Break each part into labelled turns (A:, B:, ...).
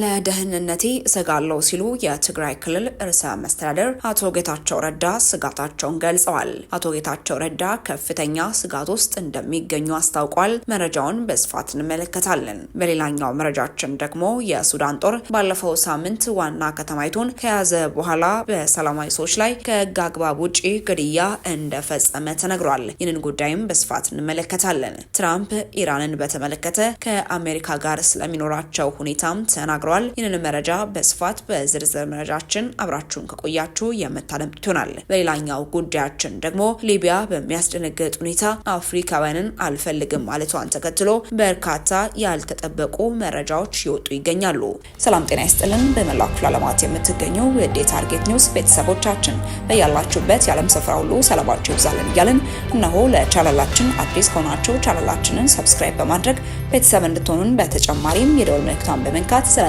A: ለደህንነቴ እሰጋለሁ ሲሉ የትግራይ ክልል ርዕሰ መስተዳደር አቶ ጌታቸው ረዳ ስጋታቸውን ገልጸዋል። አቶ ጌታቸው ረዳ ከፍተኛ ስጋት ውስጥ እንደሚገኙ አስታውቋል። መረጃውን በስፋት እንመለከታለን። በሌላኛው መረጃችን ደግሞ የሱዳን ጦር ባለፈው ሳምንት ዋና ከተማይቱን ከያዘ በኋላ በሰላማዊ ሰዎች ላይ ከህግ አግባብ ውጪ ግድያ እንደፈጸመ ተነግሯል። ይህንን ጉዳይም በስፋት እንመለከታለን። ትራምፕ ኢራንን በተመለከተ ከአሜሪካ ጋር ስለሚኖራቸው ሁኔታም ተናግ ተናግረዋል። ይህንን መረጃ በስፋት በዝርዝር መረጃችን አብራችሁን ከቆያችሁ የምታደምጡት ይሆናል። በሌላኛው ጉዳያችን ደግሞ ሊቢያ በሚያስደነግጥ ሁኔታ አፍሪካውያንን አልፈልግም ማለቷን ተከትሎ በርካታ ያልተጠበቁ መረጃዎች ይወጡ ይገኛሉ። ሰላም ጤና ይስጥልን። በመላው ክፍለ ዓለማት የምትገኙ የዴ ታርጌት ኒውስ ቤተሰቦቻችን በያላችሁበት የዓለም ስፍራ ሁሉ ሰላማችሁ ይብዛልን እያልን እነሆ ለቻናላችን አዲስ ከሆናችሁ ቻናላችንን ሰብስክራይብ በማድረግ ቤተሰብ እንድትሆኑን በተጨማሪም የደወል ምልክቷን በመንካት ስለ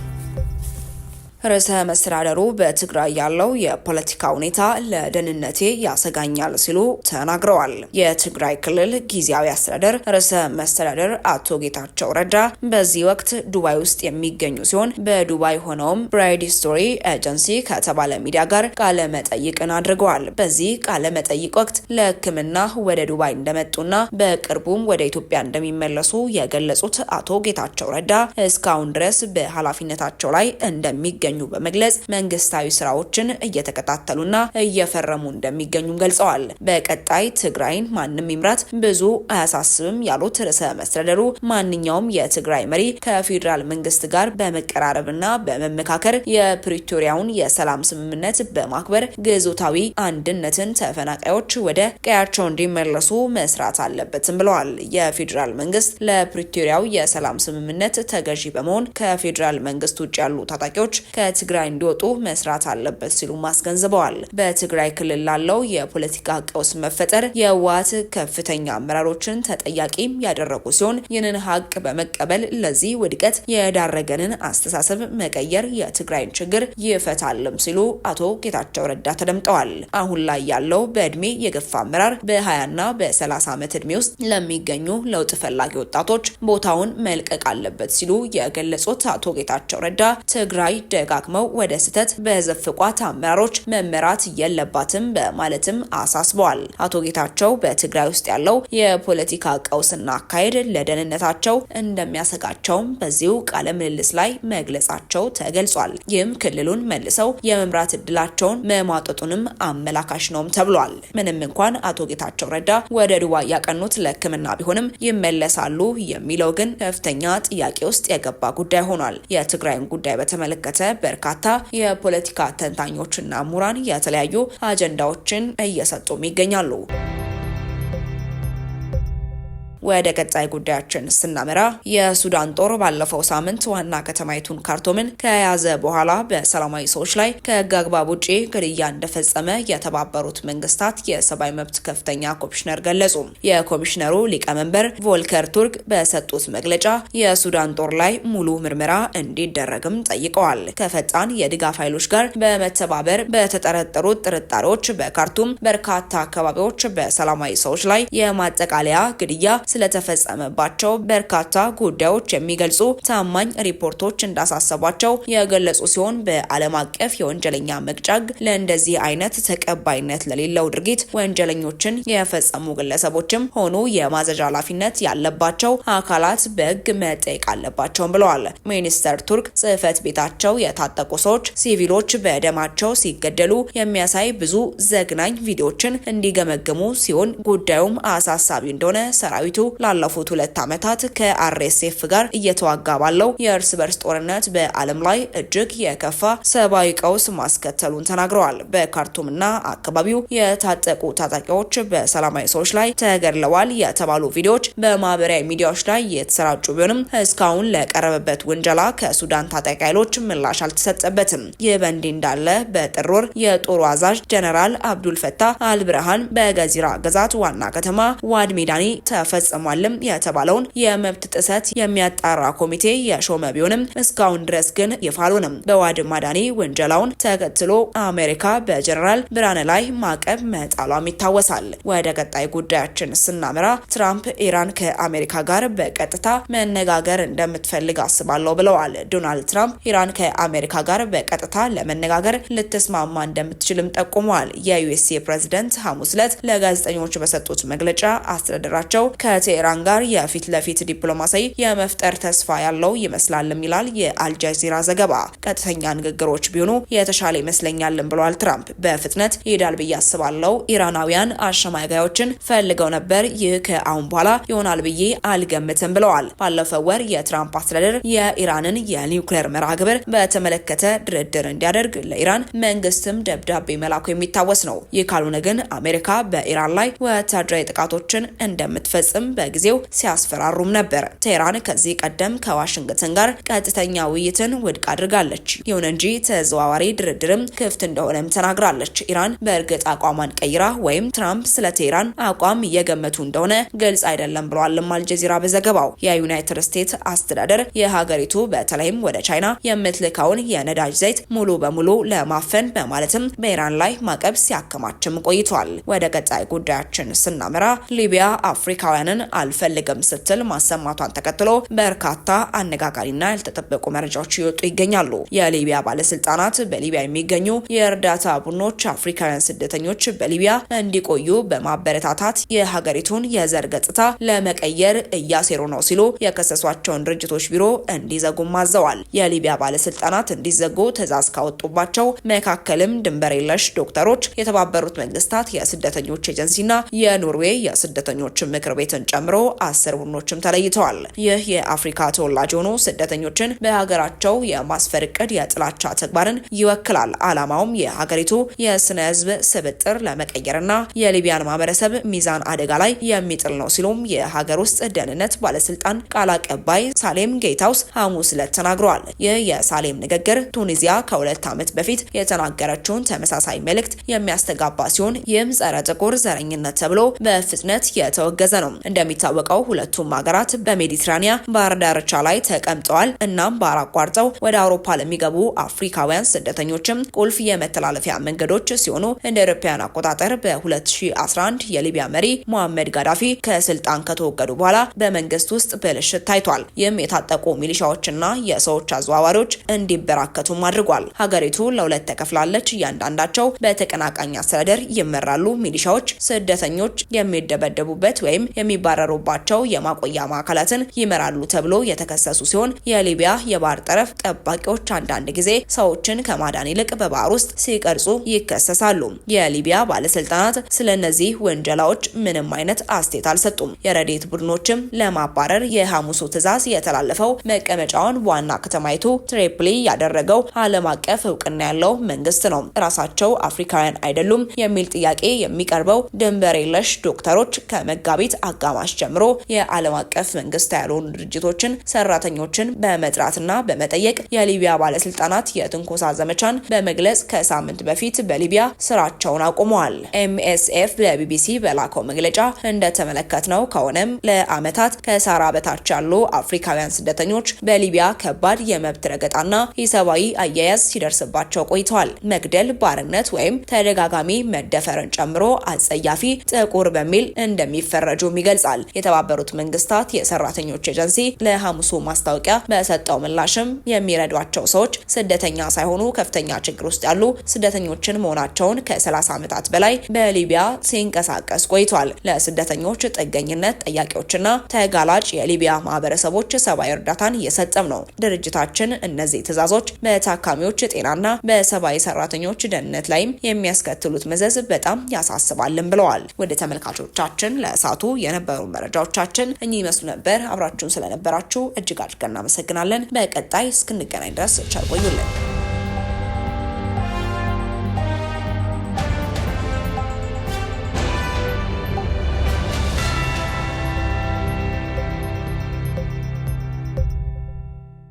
A: ርዕሰ መስተዳደሩ በትግራይ ያለው የፖለቲካ ሁኔታ ለደህንነቴ ያሰጋኛል ሲሉ ተናግረዋል። የትግራይ ክልል ጊዜያዊ አስተዳደር ርዕሰ መስተዳደር አቶ ጌታቸው ረዳ በዚህ ወቅት ዱባይ ውስጥ የሚገኙ ሲሆን በዱባይ ሆነውም ብራይድ ስቶሪ ኤጀንሲ ከተባለ ሚዲያ ጋር ቃለ መጠይቅን አድርገዋል። በዚህ ቃለ መጠይቅ ወቅት ለሕክምና ወደ ዱባይ እንደመጡና በቅርቡም ወደ ኢትዮጵያ እንደሚመለሱ የገለጹት አቶ ጌታቸው ረዳ እስካሁን ድረስ በኃላፊነታቸው ላይ እንደሚገኙ እንደሚገኙ በመግለጽ መንግስታዊ ስራዎችን እየተከታተሉና እየፈረሙ እንደሚገኙም ገልጸዋል። በቀጣይ ትግራይን ማንም ይምራት ብዙ አያሳስብም ያሉት ርዕሰ መስተዳደሩ ማንኛውም የትግራይ መሪ ከፌዴራል መንግስት ጋር በመቀራረብና በመመካከር የፕሪቶሪያውን የሰላም ስምምነት በማክበር ግዞታዊ አንድነትን ተፈናቃዮች ወደ ቀያቸው እንዲመለሱ መስራት አለበትም ብለዋል። የፌዴራል መንግስት ለፕሪቶሪያው የሰላም ስምምነት ተገዢ በመሆን ከፌዴራል መንግስት ውጭ ያሉ ታጣቂዎች ከትግራይ እንዲወጡ መስራት አለበት ሲሉ አስገንዝበዋል። በትግራይ ክልል ላለው የፖለቲካ ቀውስ መፈጠር የህወሓት ከፍተኛ አመራሮችን ተጠያቂም ያደረጉ ሲሆን ይህንን ሀቅ በመቀበል ለዚህ ውድቀት የዳረገንን አስተሳሰብ መቀየር የትግራይን ችግር ይፈታልም ሲሉ አቶ ጌታቸው ረዳ ተደምጠዋል። አሁን ላይ ያለው በእድሜ የገፋ አመራር በ20ና በ30 ዓመት እድሜ ውስጥ ለሚገኙ ለውጥ ፈላጊ ወጣቶች ቦታውን መልቀቅ አለበት ሲሉ የገለጹት አቶ ጌታቸው ረዳ ትግራይ ደጋ ደጋግመው ወደ ስህተት በዘፍቋት አመራሮች መመራት የለባትም በማለትም አሳስበዋል። አቶ ጌታቸው በትግራይ ውስጥ ያለው የፖለቲካ ቀውስና አካሄድ ለደህንነታቸው እንደሚያሰጋቸውም በዚሁ ቃለ ምልልስ ላይ መግለጻቸው ተገልጿል። ይህም ክልሉን መልሰው የመምራት እድላቸውን መሟጠጡንም አመላካሽ ነውም ተብሏል። ምንም እንኳን አቶ ጌታቸው ረዳ ወደ ድዋ ያቀኑት ለሕክምና ቢሆንም ይመለሳሉ የሚለው ግን ከፍተኛ ጥያቄ ውስጥ የገባ ጉዳይ ሆኗል። የትግራይን ጉዳይ በተመለከተ በርካታ የፖለቲካ ተንታኞችና ምሁራን የተለያዩ አጀንዳዎችን እየሰጡም ይገኛሉ። ወደ ቀጣይ ጉዳያችን ስናመራ የሱዳን ጦር ባለፈው ሳምንት ዋና ከተማይቱን ካርቶምን ከያዘ በኋላ በሰላማዊ ሰዎች ላይ ከህግ አግባብ ውጪ ግድያ እንደፈጸመ የተባበሩት መንግስታት የሰብአዊ መብት ከፍተኛ ኮሚሽነር ገለጹ። የኮሚሽነሩ ሊቀመንበር ቮልከር ቱርክ በሰጡት መግለጫ የሱዳን ጦር ላይ ሙሉ ምርመራ እንዲደረግም ጠይቀዋል። ከፈጣን የድጋፍ ኃይሎች ጋር በመተባበር በተጠረጠሩት ጥርጣሬዎች በካርቱም በርካታ አካባቢዎች በሰላማዊ ሰዎች ላይ የማጠቃለያ ግድያ ስለተፈጸመባቸው በርካታ ጉዳዮች የሚገልጹ ታማኝ ሪፖርቶች እንዳሳሰቧቸው የገለጹ ሲሆን በዓለም አቀፍ የወንጀለኛ መቅጫ ሕግ ለእንደዚህ አይነት ተቀባይነት ለሌለው ድርጊት ወንጀለኞችን የፈጸሙ ግለሰቦችም ሆኑ የማዘዣ ኃላፊነት ያለባቸው አካላት በሕግ መጠየቅ አለባቸውም ብለዋል። ሚኒስተር ቱርክ ጽህፈት ቤታቸው የታጠቁ ሰዎች ሲቪሎች በደማቸው ሲገደሉ የሚያሳይ ብዙ ዘግናኝ ቪዲዮዎችን እንዲገመግሙ ሲሆን ጉዳዩም አሳሳቢ እንደሆነ ሰራዊቱ ላለፉት ሁለት ዓመታት ከአርኤስኤፍ ጋር እየተዋጋ ባለው የእርስ በርስ ጦርነት በዓለም ላይ እጅግ የከፋ ሰብአዊ ቀውስ ማስከተሉን ተናግረዋል። በካርቱምና አካባቢው የታጠቁ ታጣቂዎች በሰላማዊ ሰዎች ላይ ተገድለዋል የተባሉ ቪዲዮዎች በማህበራዊ ሚዲያዎች ላይ የተሰራጩ ቢሆንም እስካሁን ለቀረበበት ውንጀላ ከሱዳን ታጣቂ ኃይሎች ምላሽ አልተሰጠበትም። ይህ በእንዲህ እንዳለ በጥር ወር የጦሩ አዛዥ ጀነራል አብዱልፈታ አልብርሃን በገዚራ ግዛት ዋና ከተማ ዋድ ሜዳኒ ተፈጽ ተፈጽሟልም የተባለውን የመብት ጥሰት የሚያጣራ ኮሚቴ የሾመ ቢሆንም እስካሁን ድረስ ግን ይፋ አልሆነም። ማዳኔ ወንጀላውን ተከትሎ አሜሪካ በጀነራል ብርሃን ላይ ማዕቀብ መጣሏም ይታወሳል። ወደ ቀጣይ ጉዳያችን ስናመራ ትራምፕ ኢራን ከአሜሪካ ጋር በቀጥታ መነጋገር እንደምትፈልግ አስባለሁ ብለዋል። ዶናልድ ትራምፕ ኢራን ከአሜሪካ ጋር በቀጥታ ለመነጋገር ልትስማማ እንደምትችልም ጠቁመዋል። የዩኤስኤ ፕሬዚደንት ሐሙስ ዕለት ለጋዜጠኞች በሰጡት መግለጫ አስተዳደራቸው ከ ከቴህራን ጋር የፊት ለፊት ዲፕሎማሲ የመፍጠር ተስፋ ያለው ይመስላልም ይላል የአልጀዚራ ዘገባ። ቀጥተኛ ንግግሮች ቢሆኑ የተሻለ ይመስለኛልም ብሏል ትራምፕ። በፍጥነት ይሄዳል ብዬ አስባለው ኢራናውያን አሸማጋዮችን ፈልገው ነበር። ይህ ከአሁን በኋላ ይሆናል ብዬ አልገምትም ብለዋል። ባለፈው ወር የትራምፕ አስተዳደር የኢራንን የኒውክሌር መርሃ ግብር በተመለከተ ድርድር እንዲያደርግ ለኢራን መንግስትም ደብዳቤ መላኩ የሚታወስ ነው። ይህ ካልሆነ ግን አሜሪካ በኢራን ላይ ወታደራዊ ጥቃቶችን እንደምትፈጽም በጊዜው ሲያስፈራሩም ነበር። ቴህራን ከዚህ ቀደም ከዋሽንግተን ጋር ቀጥተኛ ውይይትን ውድቅ አድርጋለች። ይሁን እንጂ ተዘዋዋሪ ድርድርም ክፍት እንደሆነም ተናግራለች። ኢራን በእርግጥ አቋሟን ቀይራ ወይም ትራምፕ ስለ ቴህራን አቋም እየገመቱ እንደሆነ ግልጽ አይደለም ብለዋልም አልጀዚራ በዘገባው። የዩናይትድ ስቴትስ አስተዳደር የሀገሪቱ በተለይም ወደ ቻይና የምትልካውን የነዳጅ ዘይት ሙሉ በሙሉ ለማፈን በማለትም በኢራን ላይ ማዕቀብ ሲያከማችም ቆይቷል። ወደ ቀጣይ ጉዳያችን ስናመራ ሊቢያ አፍሪካውያንን አልፈልግም ስትል ማሰማቷን ተከትሎ በርካታ አነጋጋሪና ያልተጠበቁ መረጃዎች እየወጡ ይገኛሉ። የሊቢያ ባለስልጣናት በሊቢያ የሚገኙ የእርዳታ ቡድኖች አፍሪካውያን ስደተኞች በሊቢያ እንዲቆዩ በማበረታታት የሀገሪቱን የዘር ገጽታ ለመቀየር እያሴሩ ነው ሲሉ የከሰሷቸውን ድርጅቶች ቢሮ እንዲዘጉም አዘዋል። የሊቢያ ባለስልጣናት እንዲዘጉ ትዕዛዝ ካወጡባቸው መካከልም ድንበር የለሽ ዶክተሮች፣ የተባበሩት መንግስታት የስደተኞች ኤጀንሲና የኖርዌይ የስደተኞች ምክር ቤትን ጨምሮ አስር ቡድኖችም ተለይተዋል። ይህ የአፍሪካ ተወላጅ የሆኖ ስደተኞችን በሀገራቸው የማስፈር እቅድ የጥላቻ ተግባርን ይወክላል። አላማውም የሀገሪቱ የስነ ህዝብ ስብጥር ለመቀየርና የሊቢያን ማህበረሰብ ሚዛን አደጋ ላይ የሚጥል ነው ሲሉም የሀገር ውስጥ ደህንነት ባለስልጣን ቃል አቀባይ ሳሌም ጌታውስ ሐሙስ ዕለት ተናግረዋል። ይህ የሳሌም ንግግር ቱኒዚያ ከሁለት ዓመት በፊት የተናገረችውን ተመሳሳይ መልእክት የሚያስተጋባ ሲሆን ይህም ጸረ ጥቁር ዘረኝነት ተብሎ በፍጥነት የተወገዘ ነው። እንደሚታወቀው ሁለቱም ሀገራት በሜዲትራኒያ ባህር ዳርቻ ላይ ተቀምጠዋል። እናም ባህር አቋርጠው ወደ አውሮፓ ለሚገቡ አፍሪካውያን ስደተኞችም ቁልፍ የመተላለፊያ መንገዶች ሲሆኑ እንደ አውሮፓውያን አቆጣጠር በ2011 የሊቢያ መሪ ሞሐመድ ጋዳፊ ከስልጣን ከተወገዱ በኋላ በመንግስት ውስጥ ብልሽት ታይቷል። ይህም የታጠቁ ሚሊሻዎችና የሰዎች አዘዋዋሪዎች እንዲበራከቱም አድርጓል። ሀገሪቱ ለሁለት ተከፍላለች። እያንዳንዳቸው በተቀናቃኝ አስተዳደር ይመራሉ። ሚሊሻዎች ስደተኞች የሚደበደቡበት ወይም የሚ የሚባረሩባቸው የማቆያ ማዕከላትን ይመራሉ ተብሎ የተከሰሱ ሲሆን የሊቢያ የባህር ጠረፍ ጠባቂዎች አንዳንድ ጊዜ ሰዎችን ከማዳን ይልቅ በባህር ውስጥ ሲቀርጹ ይከሰሳሉ። የሊቢያ ባለስልጣናት ስለነዚህ ወንጀላዎች ምንም አይነት አስተያየት አልሰጡም። የረዴት ቡድኖችም ለማባረር የሐሙሱ ትዕዛዝ የተላለፈው መቀመጫውን ዋና ከተማይቱ ትሬፕሊ ያደረገው ዓለም አቀፍ እውቅና ያለው መንግስት ነው። ራሳቸው አፍሪካውያን አይደሉም የሚል ጥያቄ የሚቀርበው ድንበር የለሽ ዶክተሮች ከመጋቢት አጋ አጋማሽ ጀምሮ የዓለም አቀፍ መንግስት ያልሆኑ ድርጅቶችን ሰራተኞችን በመጥራትና በመጠየቅ የሊቢያ ባለስልጣናት የትንኮሳ ዘመቻን በመግለጽ ከሳምንት በፊት በሊቢያ ስራቸውን አቁመዋል። ኤምኤስኤፍ ለቢቢሲ በላከው መግለጫ እንደተመለከትነው ከሆነም ለአመታት ከሳራ በታች ያሉ አፍሪካውያን ስደተኞች በሊቢያ ከባድ የመብት ረገጣና የሰብአዊ አያያዝ ሲደርስባቸው ቆይተዋል። መግደል፣ ባርነት ወይም ተደጋጋሚ መደፈርን ጨምሮ አጸያፊ ጥቁር በሚል እንደሚፈረጁ የሚገልጽ ይገልጻል። የተባበሩት መንግስታት የሰራተኞች ኤጀንሲ ለሐሙሱ ማስታወቂያ በሰጠው ምላሽም የሚረዷቸው ሰዎች ስደተኛ ሳይሆኑ ከፍተኛ ችግር ውስጥ ያሉ ስደተኞችን መሆናቸውን ከ30 ዓመታት በላይ በሊቢያ ሲንቀሳቀስ ቆይቷል። ለስደተኞች ጥገኝነት ጠያቂዎችና ተጋላጭ የሊቢያ ማህበረሰቦች ሰብአዊ እርዳታን እየሰጠም ነው። ድርጅታችን እነዚህ ትዕዛዞች በታካሚዎች ጤናና በሰብአዊ ሰራተኞች ደህንነት ላይም የሚያስከትሉት መዘዝ በጣም ያሳስባልን ብለዋል። ወደ ተመልካቾቻችን ለእሳቱ የነበ የነበሩ መረጃዎቻችን እኚህ ይመስሉ ነበር። አብራችሁን ስለነበራችሁ እጅግ አድርገን እናመሰግናለን። በቀጣይ እስክንገናኝ ድረስ ቸር ቆዩልን።